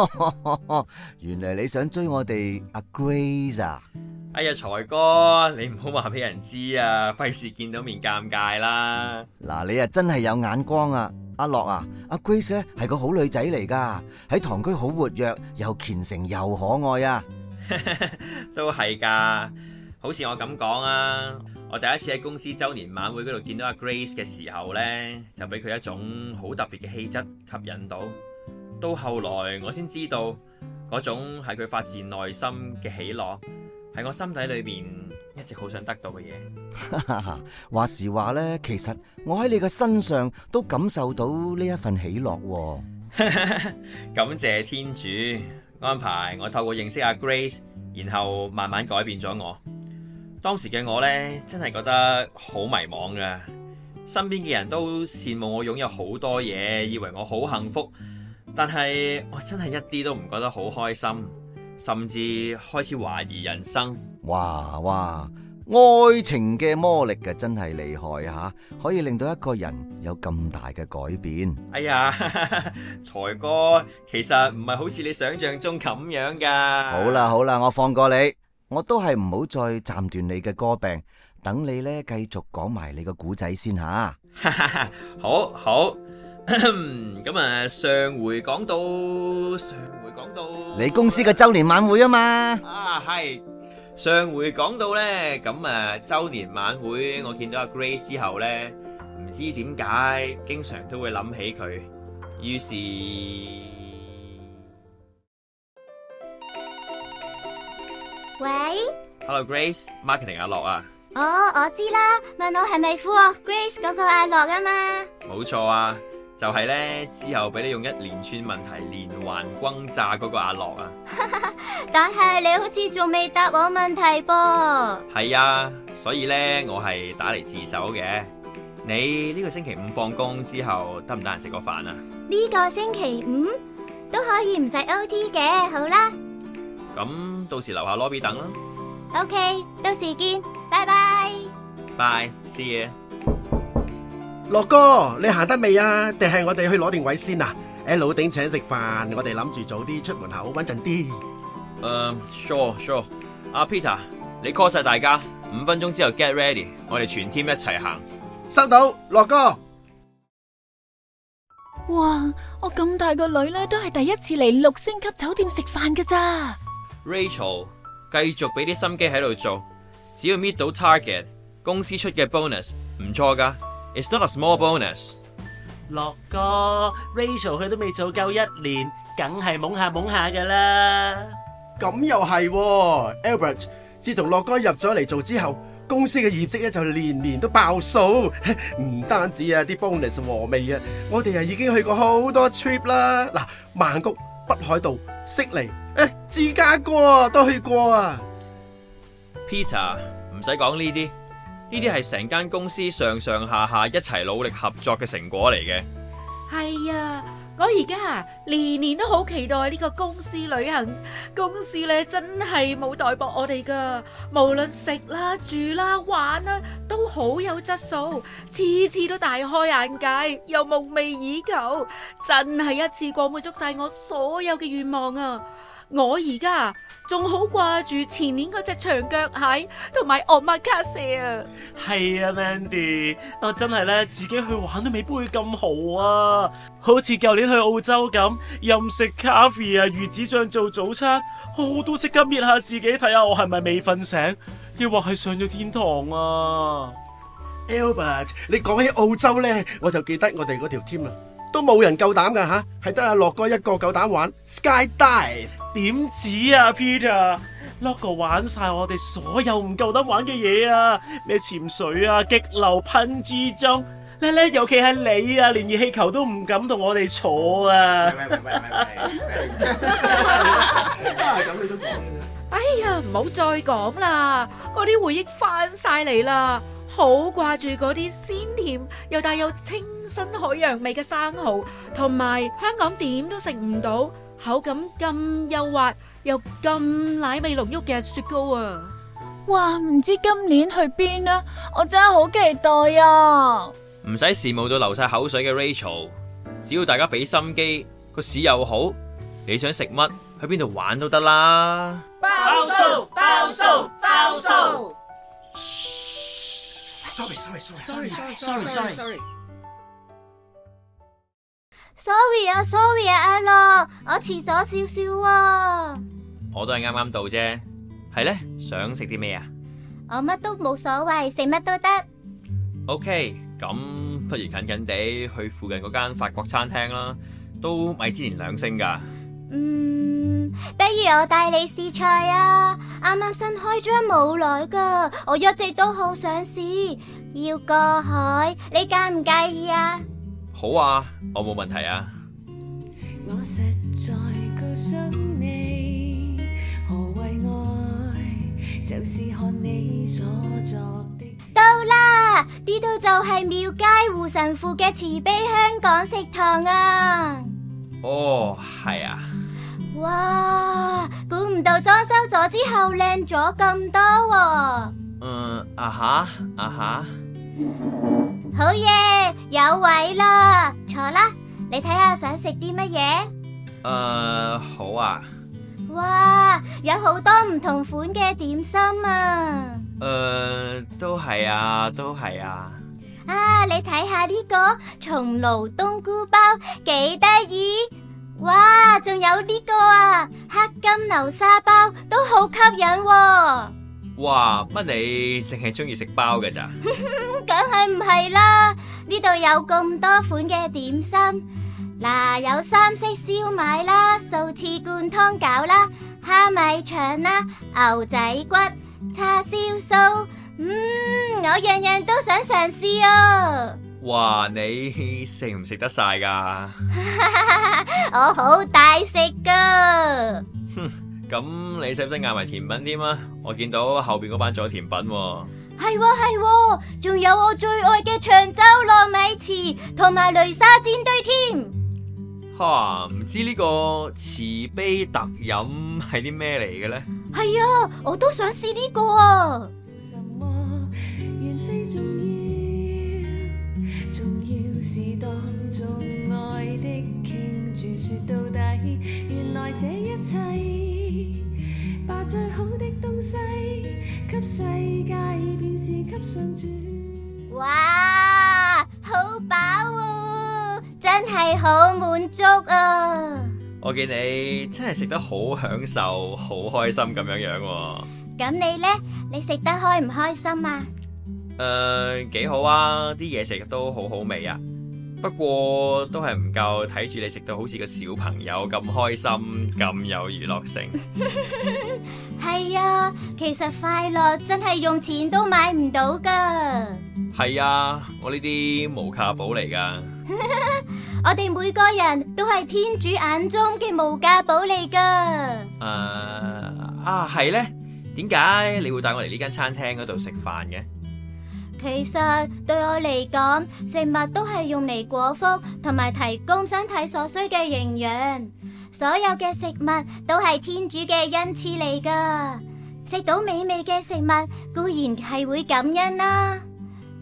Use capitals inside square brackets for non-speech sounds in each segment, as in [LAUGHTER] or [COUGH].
[LAUGHS] 原嚟你想追我哋阿 Grace 啊？哎呀，財哥，你唔好話俾人知啊，費事見到面尷尬啦。嗱， [LAUGHS] 你啊真係有眼光啊！阿、啊、樂啊，阿、啊、Grace 呢係個好女仔嚟噶，喺堂區好活躍，又虔誠又可愛啊。 [LAUGHS] 都係噶，好似我咁講啊，我第一次喺公司周年晚會嗰度見到阿 Grace 嘅時候呢，就俾佢一種好特別嘅氣質吸引到。到後來，我先知道嗰種係佢發自內心嘅喜樂，係我心底裏面一直好想得到嘅嘢。 [LAUGHS] 話時話呢，其實我喺你嘅身上都感受到呢一份喜樂哦。 [LAUGHS] 感謝天主安排，我透過認識阿 Grace，然後慢慢改變咗我。當時嘅我呢，真係覺得好迷茫噶，身邊嘅人都羨慕我擁有好多嘢，以為我好幸福。但係我真係一啲都唔覺得好開心，甚至開始懷疑人生。哇哇，愛情嘅魔力嘅、啊、真係厲害吓、啊，可以令到一個人有咁大嘅改變。哎呀哈哈，財哥，其實唔係好似你想象中咁樣噶。好啦好啦，我放過你，我都係唔好再斬斷你嘅歌病，等你呢，繼續講埋你個故仔先吓、啊。 [LAUGHS] 好好。咁啊，上回講到上回講到你公司嘅周年晚會啊嘛。啊係上回講到咧，咁啊周年晚會，我見到阿 Grace 之後咧，唔知點解經常都會諗起佢，於是喂，Hello Grace，Marketing 阿樂啊。哦，我知啦，問我係咪 full of Grace 嗰個阿樂啊嘛。冇錯啊。就係咧，之後俾你用一連串問題連環轟炸嗰個阿樂啊！但係你好似仲未答我問題噃。係啊，所以咧，我係打嚟自首嘅。你呢個星期五放工之後得唔得閒食個飯啊？呢個星期五都可以唔使 OT 嘅，好啦。咁到時樓下 lobby 等啦。OK，到時見，拜拜。Bye，see you。樂哥，你行得未啊？定係我哋去攞定位先啊？誒，老頂請食飯，我哋諗住早啲出門口穩陣啲。誒，uh，sure sure，阿 Peter，你 call 晒大家，五分鐘之後 get ready，我哋全 team 一齊行。收到，樂哥。哇，我咁大個女咧，都係第一次嚟六星級酒店食飯噶咋？Rachel，繼續俾啲心機喺度做，只要 meet 到 target，公司出嘅 bonus 唔錯噶。It's not a small bonus。樂哥，Rachel 佢都未做夠一年，梗係懵下懵下噶啦。咁又係，Albert 自從樂哥入咗嚟做之後，公司嘅業績咧就年年都爆數，唔單止啊啲 bonus 和味啊，我哋啊已經去過好多 trip 啦。嗱，曼谷、北海道、悉尼、誒芝加哥都去過啊。Peter 唔使講呢啲。呢啲係成間公司上上下下一齊努力合作嘅成果嚟嘅。係啊，我而家年年都好期待呢個公司旅行。公司咧真係冇待薄我哋噶，無論食啦、住啦、玩啦，都好有質素，次次都大開眼界，又夢寐以求，真係一次過滿足晒我所有嘅願望啊！我而家仲好掛住前年嗰隻長腳蟹同埋 Omakase 啊！係啊，Mandy，我真係咧自己去玩都未必會咁豪啊！好似舊年去澳洲咁，任食 Caviar 啊，魚子醬做早餐，我都即刻滅下自己，睇下我係咪未瞓醒，抑或係上咗天堂啊！Albert，你講起澳洲咧，我就記得我哋嗰條 team 啦。都冇人夠膽㗎吓，係得阿樂哥一個夠膽玩 sky dive。點止啊，Peter？樂哥玩曬我哋所有唔夠膽玩嘅嘢啊，咩潛水啊、激流、Bungee jump，咧咧，尤其係你啊，連熱氣球都唔敢同我哋坐啊！哈哈哈！新海洋味嘅生蠔，同埋香港點都食唔到，口感咁幼滑又咁奶味濃郁嘅雪糕啊！哇，唔知今年去邊啊！我真係好期待啊！唔使羨慕到流晒口水嘅 Rachel，只要大家俾心機，個市又好，你想食乜，去邊度玩都得啦！包數包數包數！Sorry Sorry Sorry Sorry Sorry Sorry sorry 啊，sorry 啊，阿樂，我遲咗少少啊。我都係啱啱到啫，係咧，想食啲咩啊？我乜都冇所謂，食乜都得。OK，咁不如近近地去附近嗰間法國餐廳啦，都米芝蓮兩星噶。嗯，不如我帶你試菜啊！啱啱新開張冇耐噶，我一直都好想試，要過海，你介唔介意啊？好啊，我冇問題啊。到啦，呢度就係廟街胡神父嘅慈悲香港食堂啊。哦，係啊。哇，估唔到裝修咗之後靚咗咁多喎啊。嗯，啊哈，啊哈。好嘢，有位啦，坐啦。你睇下想食啲乜嘢？誒、呃，好啊。哇，有好多唔同款嘅點心啊。誒、呃，都係啊，都係啊。啊，你睇下呢個松露冬菇包幾得意？哇，仲有呢個啊，黑金流沙包都好吸引啊。哇！乜你淨係中意食包嘅咋？梗係唔係啦！呢度有咁多款嘅點心，嗱，有三色燒賣啦、素翅灌湯餃啦、蝦米腸啦、牛仔骨叉燒酥，嗯，我樣樣都想嘗試哦。哇！你食唔食得晒噶？ [LAUGHS] 我好大食噶。 [LAUGHS] 咁你使唔使嗌埋甜品添啊？我見到後邊嗰班仲有甜品、哦，係係、啊，仲、啊、有我最愛嘅長洲糯米糍同埋雷沙煎堆添。哈，唔知呢個慈悲特飲係啲咩嚟嘅呢？係啊，我都想試呢個啊。哇，好飽喎，啊！真係好滿足啊！我見你真係食得好享受，好開心咁樣樣。咁你呢？你食得開唔開心啊？誒、呃，幾好啊！啲嘢食都好好味啊！不過，都係唔夠睇住你食到好似個小朋友咁開心，咁有娛樂性。係 [LAUGHS] 啊，其實快樂真係用錢都買唔到噶。係啊，我呢啲無價寶嚟噶。 [LAUGHS] 我哋每個人都係天主眼中嘅無價寶嚟噶。誒、uh, 啊係呢？點解你會帶我嚟呢間餐廳嗰度食飯嘅？其實對我嚟講，食物都係用嚟果腹同埋提供身體所需嘅營養。所有嘅食物都係天主嘅恩賜嚟㗎。食到美味嘅食物固然係會感恩啦，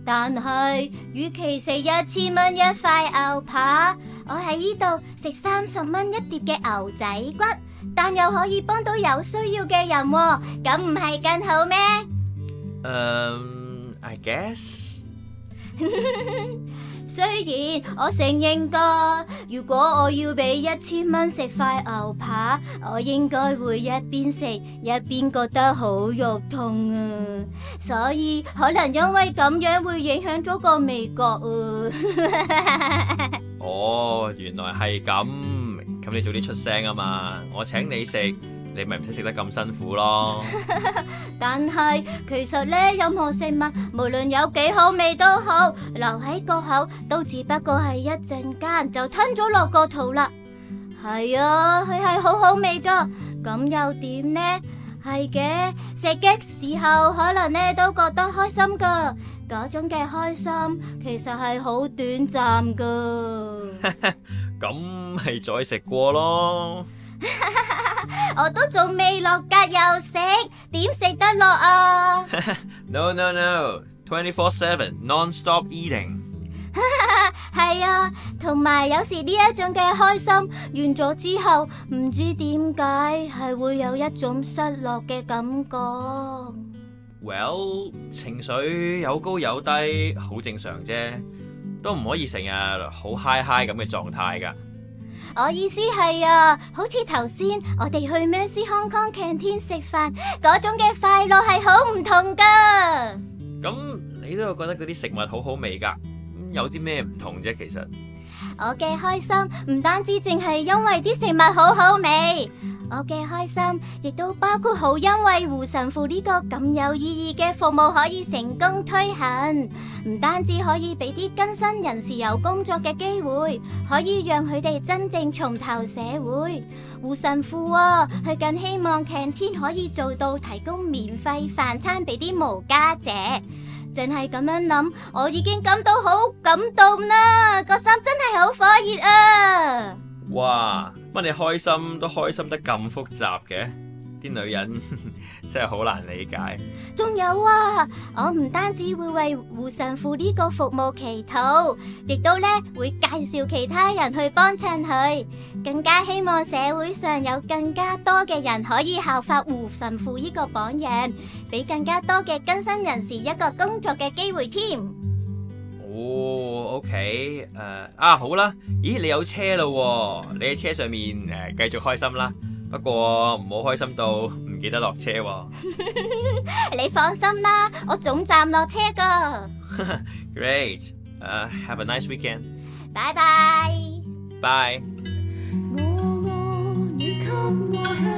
但係與其食一千蚊一塊牛扒，我喺呢度食三十蚊一碟嘅牛仔骨，但又可以幫到有需要嘅人喎，咁唔係更好咩？誒、um。I guess， [LAUGHS] 雖然我承認㗎，如果我要俾一千蚊食塊牛扒，我應該會一邊食一邊覺得好肉痛啊，所以可能因為咁樣會影響咗個味覺啊。 [LAUGHS] 哦，原來係咁，咁你早啲出聲啊嘛，我請你食。你咪唔使食得咁辛苦咯。但係其實呢，任何食物，無論有幾好味都好，留喺個口都只不過係一陣間就吞咗落個肚啦。係啊，佢係好好味噶，咁又點呢？係嘅，食嘅時候可能呢都覺得開心噶，嗰種嘅開心其實係好短暫噶。咁係再食過咯。我都仲未落格又食，點食得落啊？No no no，twenty four seven non stop eating。係啊，同埋有時呢一種嘅開心完咗之後，唔知點解係會有一種失落嘅感覺。Well，情緒有高有低，好正常啫，都唔可以成日好 high high 咁嘅狀態噶。我意思係啊，好似頭先我哋去 Mercy Hong Kong Canteen 食飯嗰種嘅快樂係好唔同噶。咁你都有覺得嗰啲食物好好味噶，有啲咩唔同啫？其實我嘅開心唔單止淨係因為啲食物好好味。我嘅開心，亦都包括好，因為胡神父呢個咁有意義嘅服務可以成功推行，唔單止可以俾啲更新人士有工作嘅機會，可以讓佢哋真正重投社會。胡神父啊，佢更希望 canteen 可以做到提供免費飯餐俾啲無家者。淨係咁樣諗，我已經感到好感動啦，個心真係好火熱啊！哇！乜，你開心都開心得咁複雜嘅，啲女人呵呵，真係好難理解。仲有啊，我唔單止會為胡神父呢個服務祈禱，亦都咧會介紹其他人去幫襯佢，更加希望社會上有更加多嘅人可以效法胡神父呢個榜樣，俾更加多嘅更新人士一個工作嘅機會添。哦，OK，誒啊，好啦，咦，你有車啦？你喺車上面誒，繼續開心啦。不過唔好開心到唔記得落車。你放心啦，我總站落車㗎。Great，誒，Have a nice weekend。Bye bye。Bye。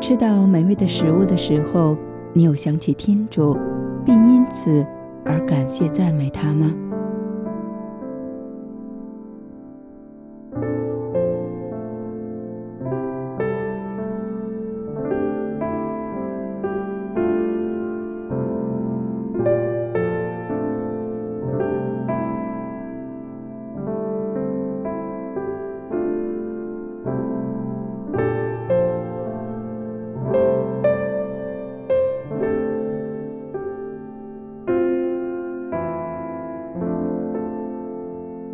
吃到美味的食物的時候，你有想起天主，並因此而感謝讚美他嗎？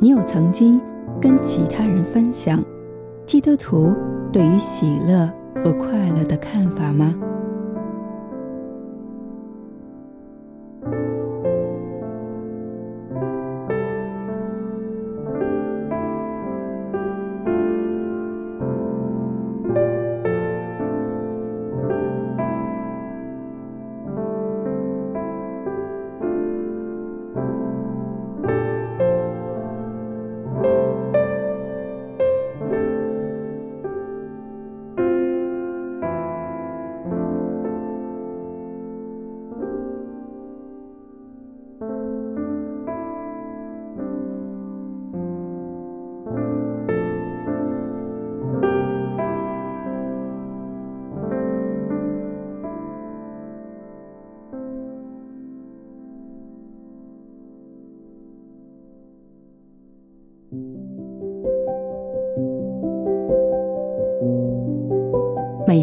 你有曾經跟其他人分享基督徒對於喜樂和快樂的看法嗎？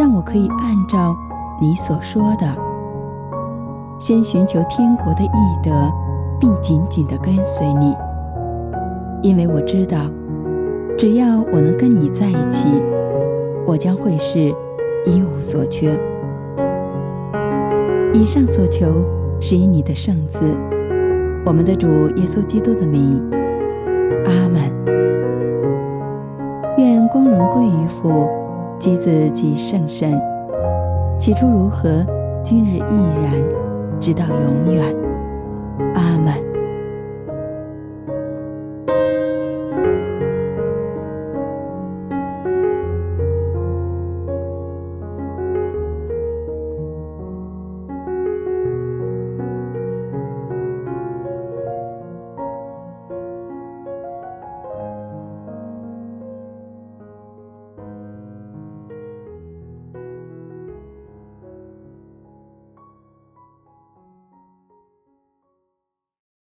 讓我可以按照你所說的，先尋求天國的義德，並緊緊地跟隨你，因為我知道，只要我能跟你在一起，我將會是一無所缺。以上所求是以你的聖子，我們的主耶穌基督的名，阿門。願光榮歸於父。及子及聖神，起初如何，今日亦然，直到永遠。